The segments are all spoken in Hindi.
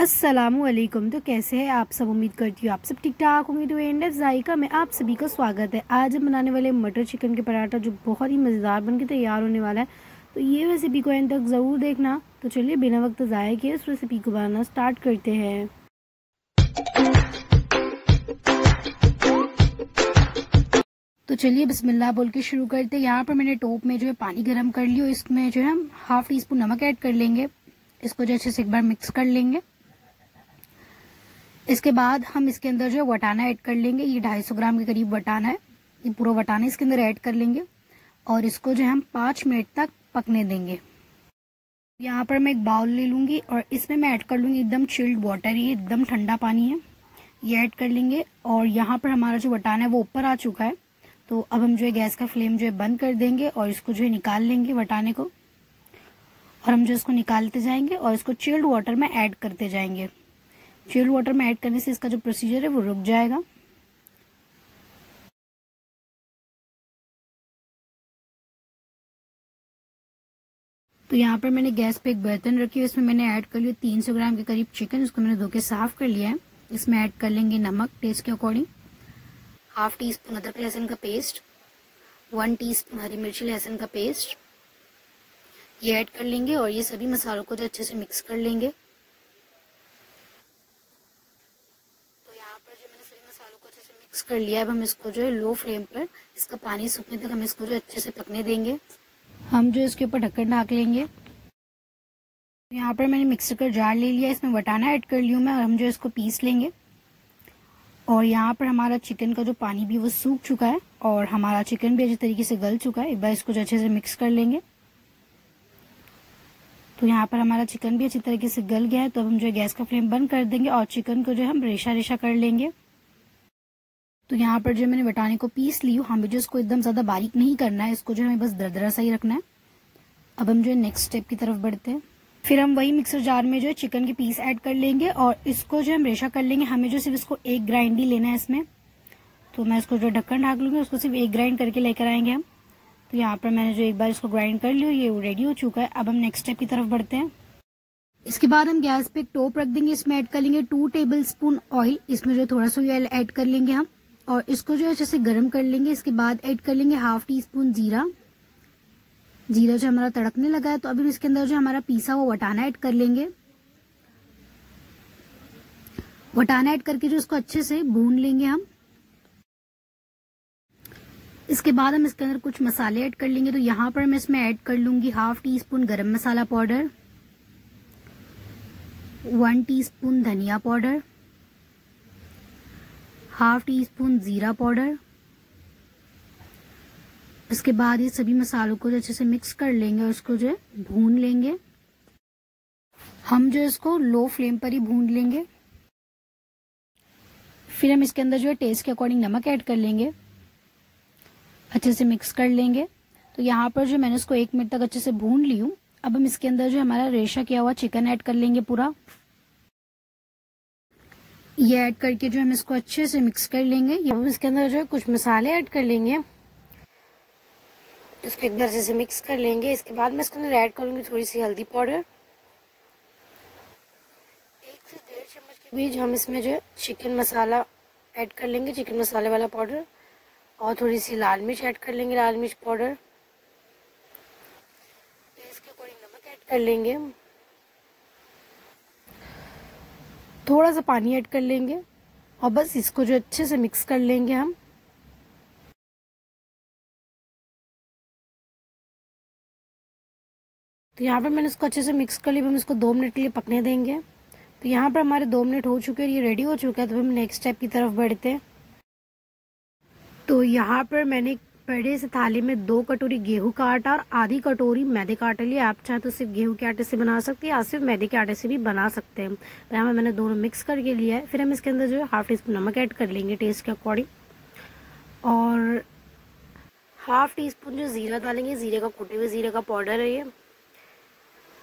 असलम तो कैसे हैं आप सब उम्मीद करती हूँ आप सब ठीक ठाक होंगे तो एंड जायका में आप सभी का स्वागत है आज हम बनाने वाले मटर चिकन के पराठा जो बहुत ही मज़ेदार बन के तैयार होने वाला है तो ये रेसिपी को एंड तक ज़रूर देखना तो चलिए बिना वक्त ज़ाया किए इस रेसिपी को बनाना स्टार्ट करते हैं तो चलिए बसमिल्ला बोल के शुरू करते हैं यहाँ पर मैंने टोप में जो है पानी गर्म कर लिया इसमें जो है हम हाफ़ टी स्पून नमक ऐड कर लेंगे इसको जो अच्छे से एक बार मिक्स कर लेंगे इसके बाद हम इसके अंदर जो है वटाना ऐड कर लेंगे ये सौ ग्राम के करीब वटाना है ये पूरा वटाना इसके अंदर ऐड कर लेंगे और इसको जो है हम पाँच मिनट तक पकने देंगे यहाँ पर मैं एक बाउल ले लूँगी और इसमें मैं ऐड कर लूँगी एकदम चिल्ड वाटर ये एकदम ठंडा पानी है ये ऐड कर लेंगे और यहाँ पर हमारा जो वटाना है वो ऊपर आ चुका है तो अब हम जो है गैस का फ्लेम जो है बंद कर देंगे और इसको जो है निकाल लेंगे वटाने को और हम जो इसको निकालते जाएंगे और इसको चिल्ड वाटर में ऐड करते जाएंगे फ्यूल वाटर में ऐड करने से इसका जो प्रोसीजर है वो रुक जाएगा तो यहाँ पर मैंने गैस पे एक बर्तन रखी है इसमें मैंने ऐड कर लिया 300 ग्राम के करीब चिकन उसको मैंने धो के साफ कर लिया है इसमें ऐड कर लेंगे नमक टेस्ट के अकॉर्डिंग हाफ टी स्पून अदरक लहसुन का पेस्ट वन टी स्पून हरी मिर्ची लहसुन का पेस्ट ये ऐड कर लेंगे और ये सभी मसालों को जो अच्छे से मिक्स कर लेंगे मिक्स कर लिया अब हम इसको जो है लो फ्लेम पर इसका पानी सूखने तक हम इसको जो अच्छे से पकने देंगे हम जो इसके ऊपर ढक्कन ढाक लेंगे यहाँ पर मैंने मिक्सर का जार ले लिया इसमें वटाना ऐड कर लियो मैं और हम जो इसको पीस लेंगे और यहाँ पर हमारा चिकन का जो पानी भी वो सूख चुका है और हमारा चिकन भी अच्छे तरीके से गल चुका है एक बार इसको जो अच्छे से मिक्स कर लेंगे तो यहाँ पर हमारा चिकन भी अच्छी तरीके से गल गया है तो अब हम जो है गैस का फ्लेम बंद कर देंगे और चिकन को जो है हम रेशा रेशा कर लेंगे तो यहाँ पर जो मैंने बटाने को पीस ली हूँ हमें हाँ, जो इसको एकदम ज़्यादा बारीक नहीं करना है इसको जो हमें बस दरदरा सा ही रखना है अब हम जो है नेक्स्ट स्टेप की तरफ बढ़ते हैं फिर हम वही मिक्सर जार में जो है चिकन के पीस ऐड कर लेंगे और इसको जो हम रेशा कर लेंगे हमें जो सिर्फ इसको एक ग्राइंड ही लेना है इसमें तो मैं इसको जो ढक्कन ढाक लूँगी उसको सिर्फ एक ग्राइंड करके लेकर आएंगे हम तो यहाँ पर मैंने जो एक बार इसको ग्राइंड कर लिया ये रेडी हो चुका है अब हम नेक्स्ट स्टेप की तरफ बढ़ते हैं इसके बाद हम गैस पे एक टोप रख देंगे इसमें ऐड कर लेंगे टू टेबल स्पून ऑयल इसमें जो थोड़ा सा ऑयल ऐड कर लेंगे हम और इसको जो है अच्छे से गर्म कर लेंगे इसके बाद ऐड कर लेंगे हाफ टी स्पून जीरा जीरा जो हमारा तड़कने लगा है तो अभी इसके अंदर जो हमारा पीसा हुआ वटाना ऐड कर लेंगे वटाना ऐड करके जो इसको अच्छे से भून लेंगे हम इसके बाद हम इसके अंदर कुछ मसाले ऐड कर लेंगे तो यहां पर मैं इसमें ऐड कर लूंगी हाफ टी स्पून गर्म मसाला पाउडर वन स्पून धनिया पाउडर हाफ टी स्पून ज़ीरा पाउडर इसके बाद ये सभी मसालों को अच्छे से मिक्स कर लेंगे और उसको जो है भून लेंगे हम जो इसको लो फ्लेम पर ही भून लेंगे फिर हम इसके अंदर जो है टेस्ट के अकॉर्डिंग नमक ऐड कर लेंगे अच्छे से मिक्स कर लेंगे तो यहाँ पर जो मैंने इसको एक मिनट तक अच्छे से भून ली हूँ अब हम इसके अंदर जो हमारा रेशा किया हुआ चिकन ऐड कर लेंगे पूरा ये ऐड करके जो हम इसको अच्छे से मिक्स कर लेंगे ये इसके अंदर जो है कुछ मसाले ऐड कर लेंगे इसको एक बार से मिक्स कर लेंगे इसके बाद मैं इसके अंदर ऐड करूंगी थोड़ी सी हल्दी पाउडर एक से डेढ़ चम्मच के बीच हम इसमें जो है चिकन मसाला ऐड कर लेंगे चिकन मसाले वाला पाउडर और थोड़ी सी लाल मिर्च ऐड कर लेंगे लाल मिर्च पाउडर इसके अकॉर्डिंग नमक ऐड कर लेंगे थोड़ा सा पानी ऐड कर लेंगे और बस इसको जो अच्छे से मिक्स कर लेंगे हम तो यहाँ पर मैंने इसको अच्छे से मिक्स कर लिया हम इसको दो मिनट के लिए पकने देंगे तो यहाँ पर हमारे दो मिनट हो चुके हैं ये रेडी हो चुका है तो हम नेक्स्ट स्टेप की तरफ बढ़ते हैं तो यहाँ पर मैंने एक बड़े से थाली में दो कटोरी गेहूं का आटा और आधी कटोरी मैदे का आटा लिया आप चाहे तो सिर्फ गेहूं के आटे से बना सकते हैं या सिर्फ मैदे के आटे से भी बना सकते हैं तो यहाँ मैंने दोनों मिक्स करके लिया है फिर हम इसके अंदर जो है हाफ टी स्पून नमक ऐड कर लेंगे टेस्ट के अकॉर्डिंग और हाफ टी स्पून जो ज़ीरा डालेंगे ज़ीरे का कुटे हुए ज़ीरे का पाउडर है ये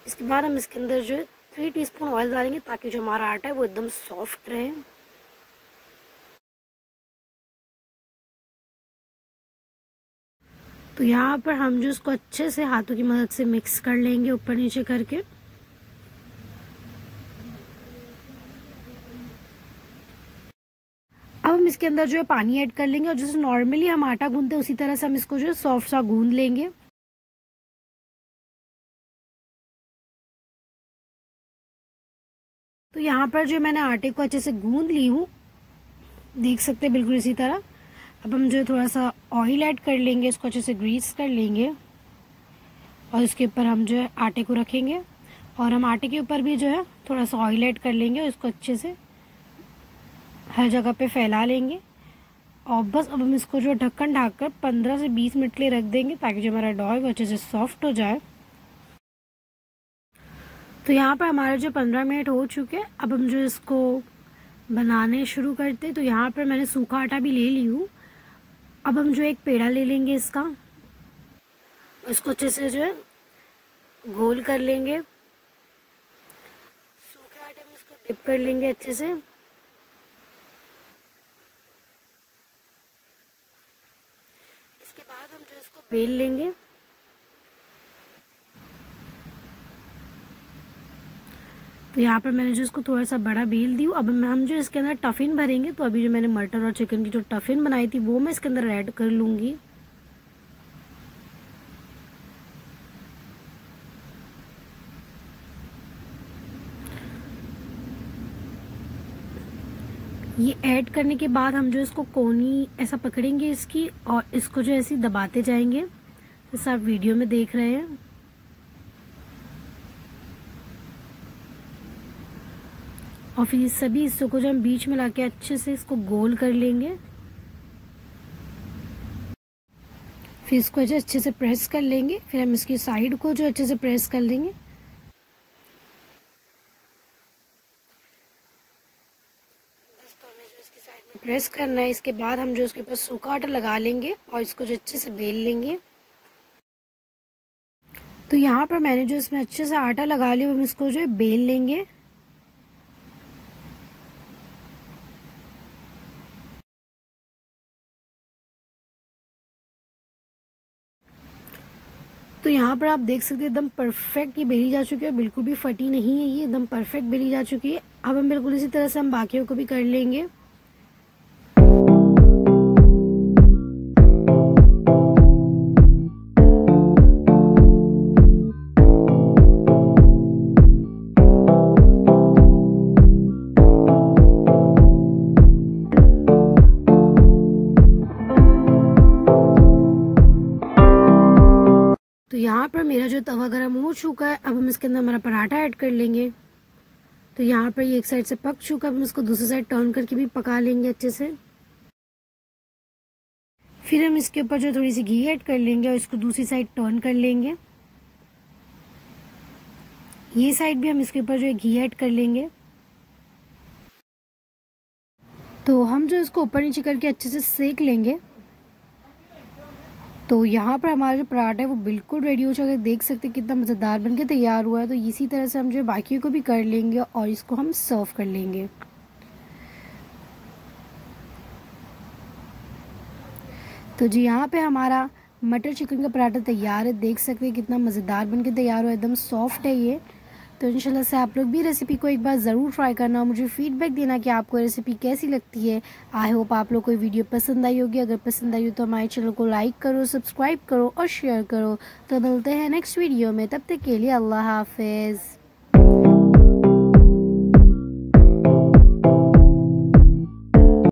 इसके बाद हम इसके अंदर जो है थ्री टी स्पून ऑयल डालेंगे ताकि जो हमारा आटा है वो एकदम सॉफ्ट रहे तो यहाँ पर हम जो इसको अच्छे से हाथों की मदद से मिक्स कर लेंगे ऊपर नीचे करके अब हम इसके अंदर जो है पानी ऐड कर लेंगे और जैसे नॉर्मली हम आटा गूंदते हैं उसी तरह से हम इसको जो है सॉफ्ट सा गूंद लेंगे तो यहाँ पर जो मैंने आटे को अच्छे से गूंद ली हूँ देख सकते हैं बिल्कुल इसी तरह अब हम जो है थोड़ा सा ऑयल ऐड कर लेंगे इसको अच्छे से ग्रीस कर लेंगे और इसके ऊपर हम जो है आटे को रखेंगे और हम आटे के ऊपर भी जो है थोड़ा सा ऑयल ऐड कर लेंगे और इसको अच्छे से हर जगह पे फैला लेंगे और बस अब हम इसको जो ढक्कन ढाक कर पंद्रह से बीस मिनट लिए रख देंगे ताकि जो हमारा डॉ वो अच्छे से सॉफ्ट हो जाए तो यहाँ पर हमारे जो पंद्रह मिनट हो चुके हैं अब हम जो इसको बनाने शुरू करते तो यहाँ पर मैंने सूखा आटा भी ले ली हूँ अब हम जो एक पेड़ा ले लेंगे इसका इसको अच्छे से जो है गोल कर लेंगे सूखे आटे में इसको डिप कर लेंगे अच्छे से इसके बाद हम जो इसको बेल लेंगे तो यहाँ पर मैंने जो इसको थोड़ा सा बड़ा बेल दी अब हम जो इसके अंदर टफिन भरेंगे तो अभी जो मैंने मटर और चिकन की जो टफिन बनाई थी वो मैं इसके अंदर ऐड कर लूँगी ये ऐड करने के बाद हम जो इसको कोनी ऐसा पकड़ेंगे इसकी और इसको जो ऐसी दबाते जाएंगे जैसा आप वीडियो में देख रहे हैं और फिर इस सभी हिस्सों को जो हम बीच में लाके अच्छे से इसको गोल कर लेंगे फिर इसको अच्छे से प्रेस कर लेंगे फिर हम इसकी साइड को जो अच्छे से प्रेस कर लेंगे प्रेस करना है इसके बाद हम जो उसके ऊपर सूखा आटा लगा लेंगे और इसको जो अच्छे से बेल लेंगे तो यहाँ पर मैंने जो इसमें अच्छे से आटा लगा लिया हम इसको जो है बेल लेंगे तो यहाँ पर आप देख सकते हैं एकदम परफेक्ट ये बेली जा चुकी है बिल्कुल भी फटी नहीं है ये एकदम परफेक्ट बेली जा चुकी है अब हम बिल्कुल इसी तरह से हम बाकियों को भी कर लेंगे यहाँ पर मेरा जो तवा गर्म हो चुका है अब हम इसके अंदर हमारा पराठा ऐड कर लेंगे तो यहाँ पर ये एक साइड से पक चुका है हम इसको दूसरी साइड टर्न करके भी पका लेंगे अच्छे से फिर हम इसके ऊपर जो थोड़ी सी घी ऐड कर लेंगे और इसको दूसरी साइड टर्न कर लेंगे ये साइड भी हम इसके ऊपर जो है घी ऐड कर लेंगे तो हम जो इसको ऊपर नीचे करके अच्छे से सेक लेंगे तो यहाँ पर हमारा जो पराठा है वो बिल्कुल रेडी हो चुका देख सकते हैं कितना मज़ेदार बन के तैयार हुआ है तो इसी तरह से हम जो बाकी को भी कर लेंगे और इसको हम सर्व कर लेंगे तो जी यहाँ पे हमारा मटर चिकन का पराठा तैयार है देख सकते हैं कितना मज़ेदार बन के तैयार हुआ है एकदम सॉफ्ट है ये तो इंशाल्लाह से आप लोग भी रेसिपी को एक बार ज़रूर ट्राई करना मुझे फीडबैक देना कि आपको रेसिपी कैसी लगती है आई होप आप लोग को वीडियो पसंद आई होगी अगर पसंद आई हो तो हमारे चैनल को लाइक करो सब्सक्राइब करो और शेयर करो तो मिलते हैं नेक्स्ट वीडियो में तब तक के लिए अल्लाह हाफिज़